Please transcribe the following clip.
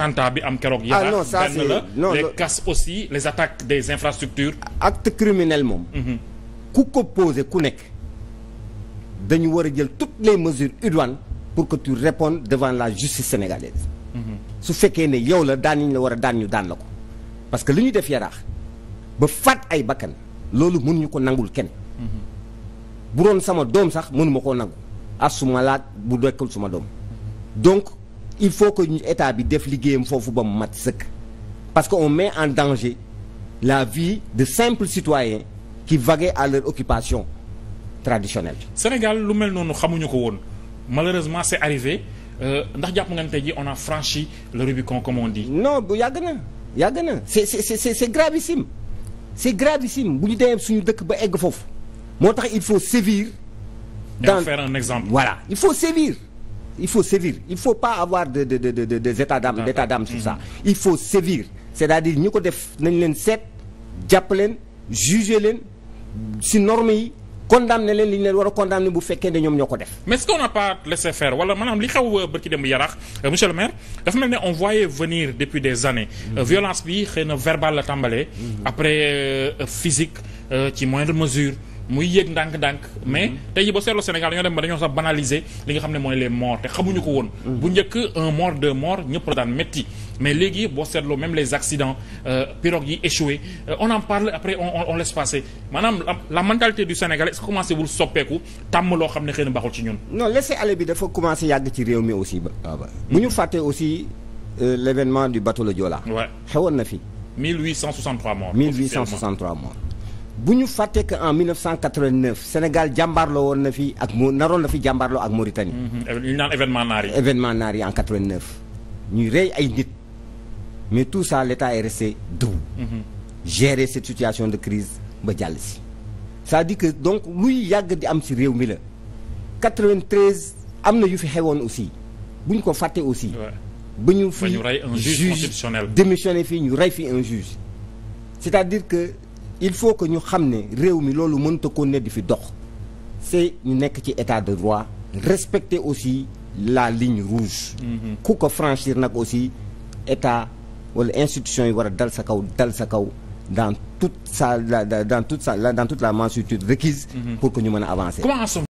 attentat bi am keroog. ah non ça c'est la les casses aussi les attaques des infrastructures. acte criminel moom. Mhm. ku ko posé ku nekk dañu war a jël toutes les mesures idoines pour que tu répondes devant la justice sénégalaise. Mhm. su fekkee ne yow la daan ñu la war a daan ñu daan la ko parce que li ñu def yaraax ba faat ay bakkan loolu mënuñu ko nangul kenn. Mhm. bu doon sama doom sax mënuma koo nangu suma laat bu dekkul suma doom il faut que ñu état bi def liggéeyam foofu ba mu mat sëkk parce que on met en danger la vie de simples citoyens qui vaguent à leur occupation traditionnelle. Sénégal lu mel noonu xamuñu ko woon malheureusement c'est arrivé euh, ndax jàpp nga ne jii on a franchi le Rubicon comme on dit. non bu yàgg na yàgg na c'est c'est c'est c'est gravissime c'est gravissime bu ñu demee suñu dëkk ba egg foofu moo tax il faut sévir. dans faire exemple. voilà il faut sévir. il faut sévir il faut pas avoir de de de de des états d'âme d'état d'âme sur ça mm-hmm. il faut sévir c'est-à-dire ñi ko def nañ leen seet jàpp leen juger leen si normes yi condamné leen li ñu leen war a condamné bu fekkee ne ñoom ñoo ko def. mais est-ce qu'on n'a pas laissé faire wala maanaam li xaw euh, bërki dem yarax euh, monsieur le maire dafa mel ne on voyait venir depuis des années. Mm-hmm. Euh, violence bi xëy na verbale la tàmbalee. Mm-hmm. après physique ci moindre mesure. muy yéeg ndànk-ndànk mais te ji ba seetloo Sénégal dañoo dem ba dañoo sax banaliser li nga xam ne mooy les morts te xamuñu ko woon mm-hmm. bu njëkk un mort deux morts ñëpp la daan métti mais léegi boo seetloo même les accidents euh, pirogues yi échoué euh, on en parle après on laisse passer maanaam la mentalité du Sénégalais est-ce wul soppeeku tàmm loo xam ne xëy na baaxul ci ñun non laisser aller bi dafa commencé yàgg ci réew mi aussi ba ah, bu ñu mm-hmm. fàtte aussi euh, l'événement du bateau le na fi 1863 morts 1863 morts bu ñu fàtte que en 1989 Sénégal jàmbaarloo woon na fi ak mu naroon na fi jàmbaarloo ak Mauritanie. Mm-hmm. ñu naan événement naar yi. événement naar yi en 89. ñuy rey ay nit mais tout ça l' état est resté debout. Mm-hmm. gérer cette situation de crise ba jàll si. c'est-à-dire que donc luy yàgg di am si réew mi la. 93 am na yu fi xewoon aussi bu ñu ko fàtte aussi. ba ñu fi juge démissionné fii ñu rey fi un juge c'est-à-dire que. il faut que ñu xam ne réew mi loolu mënta koo ne di fi dox c'est ñu nekk ci état de droit respecter aussi la ligne rouge mhm. ku ko franchir nag aussi état wala institution yi war a dal sa kaw dal sa kaw dans toute sa dans toute sa dans toute la mansuétude requise mhm. pour que ñu mën a avancer